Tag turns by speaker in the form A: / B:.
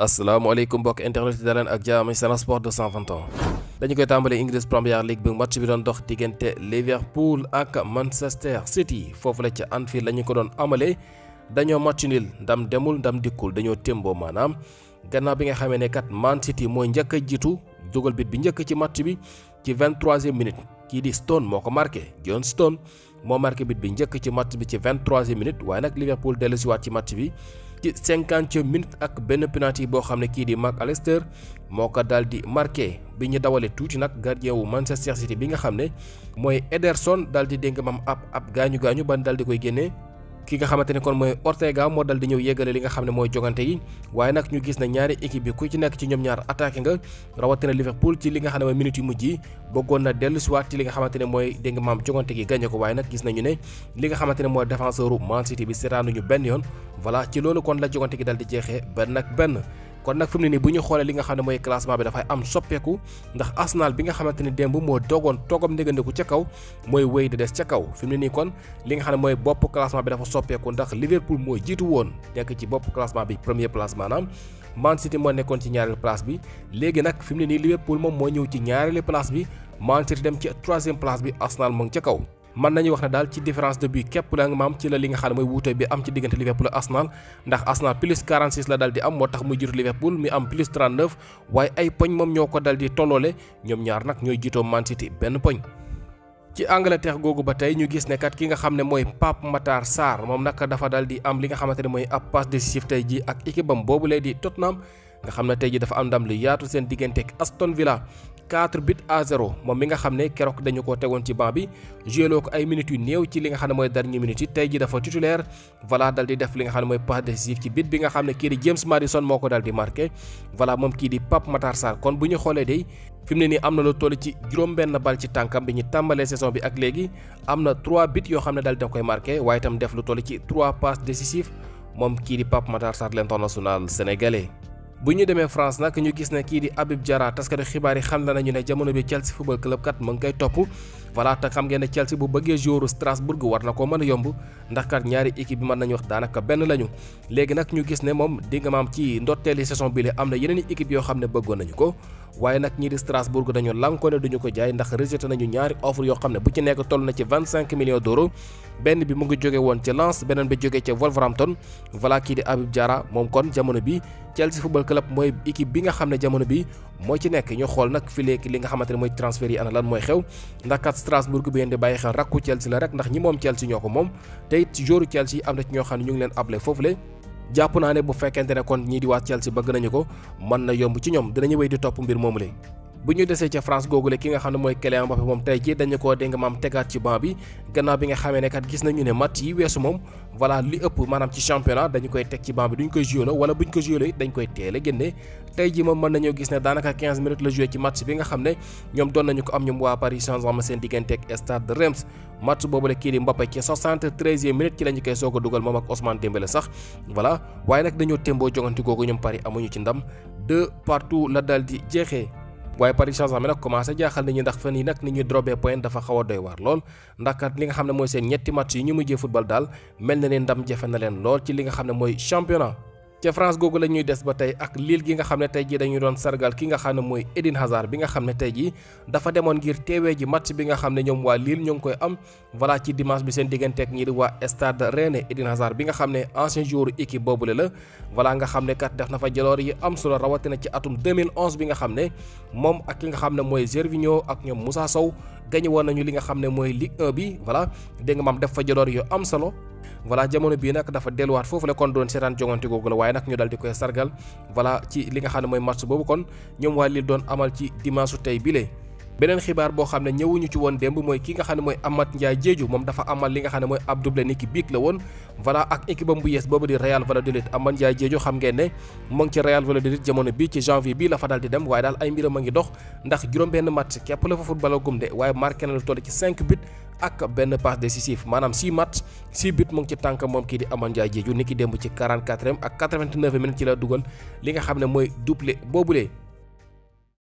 A: asalaamaaleykum mbokk internet yi daleen ak jaam Sen Sport 221 dañu koy tàmbali English Premier League bi match bi doon dox diggante Liverpool ak Manchester City foofu la ca Anfield la ñu ko doon amalee dañoo match ndam demul ndam dikkul dañoo témboo maanaam gannaaw bi nga xamee ne kat Man City mooy njëkk jiitu dugal bit bi njëkk ci match bi ci 23e minute kii di Stone moo ko marqué John Stone. moo marqué bit bi njëkk ci matt bi ci 23e minute waaye nag Liverpool dellusiwaat ci match bi ci 50e ak benn penalty boo xam ne kii di Mac Allister moo ko daal di marqué bi ñu dawale tuuti nag gardien wu Manchester City bi nga xam ne mooy Ederson daal di dénk mam ab ab gaañu gaañu ban daal di koy génnee. ki nga xamante ne kon mooy Ortega moo dal di ñëw yéggale li nga xam ne mooy jogante yi waaye nag ñu gis na ñaari équipe bi ku ci nekk ci ñoom ñaar attaqué nga rawatina Liverpool ci li nga xam ne mooy minutes yu mujj yi bëggoon na dellu siwaat ci li nga xamante ne mooy dégg nga maam jogante gi gagné ko waaye nag gis nañu ne li nga xamante ne mooy défenseur u Man City bi seetaanuñu benn yoon voilà ci loolu kon la jogante gi dal di jeexee benn ak benn kon nag fi mu ne nii bu ñu xoolee li nga xam ne mooy classement bi dafay am soppeeku ndax Arsenal bi nga xamante ni démb moo dogoon toogam négandiku ca kaw mooy wéy di des ca kaw fi ne nii kon li nga xam ne mooy bopp classement bi dafa soppeeku ndax Liverpool moo jiitu woon nekk ci bopp classement bi premier place maanaam Man City moo nekkoon ci ñaareelu place bi léegi nag fi mu ne nii Liverpool moom moo ñëw ci ñaareelu place bi Man City dem ci troisième place bi Arsenal moo ngi ca kaw mën nañu wax ne daal ci différence de but képp la nga maam ci la li nga xam ne mooy wuute bi am ci diggante Liverpool ak Arsenal ndax Arsenal plus 46 la daal di am moo tax muy jiitu Liverpool mi am plus 39 waaye ay poñ moom ñoo ko daal di tolloole ñoom ñaar nag ñooy jiitoo Man benn poñ. ci Angleterre googu ba tey ñu gis ne kat ki nga xam ne mooy Pape Matar Sarr moom nag dafa dal di am li nga xamante ne mooy ab passe décisif tey jii ak équipe am boobu lay di Tottenham. nga xam ne tey ji dafa am yaatu seen diggante ak Aston Villa 4 buts à 0 moom mi nga xam ne keroog dañu ko tegoon ci banc bi joueloo ko ay minutes yu néew ci li nga xam ne mooy dernière minute yi tey ji dafa titulaire voilà dal di def li nga xam ne mooy passe décisif ci bit bi nga xam ne kii di James Maddison moo ko dal di marqué voilà moom kii di Pape Matar Sarr kon bu ñu xoolee day fi mu ne nii am na lu toll ci juróom-benn bal ci tànkam bi ñu tàmbalee saison bi ak léegi am na 3 buts yoo xam ne dal di koy marqué waaye itam def lu toll ci 3 passes décisives moom kii di Pape Matar Sarr l'international sénégalais bu ñu demee France nag ñu gis ne kii di Habib Diarra taskati xibaar yi xam la nañu ne jamono bi Chelsea football club kat mu ngi koy topp voilà te xam ngeen ne Chelsea bu bëggee joueur Strasbourg war na ko mën a yomb ndax kat ñaari équipe bi mën nañu wax daanaka benn lañu léegi nag ñu gis ne moom di nga maam ci ndorteeli saison bi la am na yeneen équipe yoo xam ne bëggoon nañu ko waaye nag ñii di Strasbourg dañu lànkoo ne duñu ko jaay ndax rejeté nañu ñaari offre yoo xam ne bu ci nekk toll na ci 25 millions d'euros benn bi mu ngi jóge woon ci Lens beneen bi jóge ca Wolverhampton voilà kii di Habib Diarra moom kon jamono bi Chelsea Football Club mooy équipe bi nga xam ne jamono bi moo ci nekk ñu xool nag fi léegi li nga xamante ne mooy transfert yi ana lan mooy xew ndax kat Strasbourg bi ngeen di bàyyi xel rakku Chelsea la rek ndax ñi moom Chelsea ñoo ko moom te it joueur Chelsea am na ci xam ne ñu ngi leen ablé foofule jàpp naa ne bu fekkente ne kon ñii di waa Chelsea bëgg nañu ko mën na yomb ci ñoom dinañu wey di topp mbir moomu léegi bu ñu desee ca France googule ki nga xam ne mooy Kylian Mbappé moom tey ji dañu koo dégg maam tegaat ci banc bi gannaaw bi nga xamee ne kat gis nañu ne match yi weesu moom voilà li ëpp maanaam ci championnat dañu koy teg ci banc bi duñ koy joué la wala buñ ko joué la it dañ koy teel génne tey ji moom mën nañoo gis ne daanaka 15 minutes la joué ci match bi nga xam ne ñoom doon nañu ko am ñoom waa Paris Saint-Germain seen diggante ak Stade de Reims match boobule kii di Mbappé ci 73 a dugal moom ak Ousmane Dembélé sax voilà waaye nag dañoo témboo jongante ci ndam deux partout daal di jeexee waaye Paris Saint-Germain nag commencé jaaxal nit ñi ndax fan yi nag nit ñu drobee point dafa xaw a doy waar lool ndax kat li nga xam ne mooy seen ñetti match yi ñu mujjee football daal mel na ne ndam jafe na leen lool ci li nga xam ne mooy championnat ca France googu la ñuy des ba tey ak Lille gi nga xam ne tey jii dañuy doon sargal ki nga xam ne mooy Hazard bi nga xam ne tey dafa demoon ngir teewee ji match bi nga xam ne ñoom waa Lille ñu koy am voilà ci dimanche bi seen diggante ak ñi di waa Stade Rennais Eden Hazard bi nga xam ne ancien joueur équipe boobule la voilà nga xam kat def na fa yi am solo rawatina ci atum 2011 bi nga xam ne ak ki nga xam ne Gervinho ak ñoom Moussa Sow gañe woon nañu li nga Ligue 1 bi voilà def fa yu am solo voilà jamono bii nag dafa delluwaat foofu la kon doon seetaan jongante googu la waaye nag ñu dal di koy sargal voilà ci li nga xam ne mooy match boobu kon ñoom waa Lille doon amal ci dimanche tey boo xam ne ñëwuñu ci woon démb mooy ki nga xam ne mooy Amath Ndiaye Diédhiou moom dafa amal li nga xam ne mooy ab doublé niki biig la woon voilà ak équipe bu yees boobu di Real Valladolid Amath Ndiaye Diédhiou xam ngeen ne mu ci Real Valladolid jamono bii ci janvier bii la fa dal di dem waaye daal ay mbiram a ngi dox ndax juróom-benn match képp la fa football agum de waaye marqué na ak benn passe décisif maanaam 6 match 6 but mu ngi ci tànk moom kii di Amane Ndiaye Diédhiou ni ki démb ci 44e ak 89e minute ci la dugal li nga xam ne mooy doublé boobulee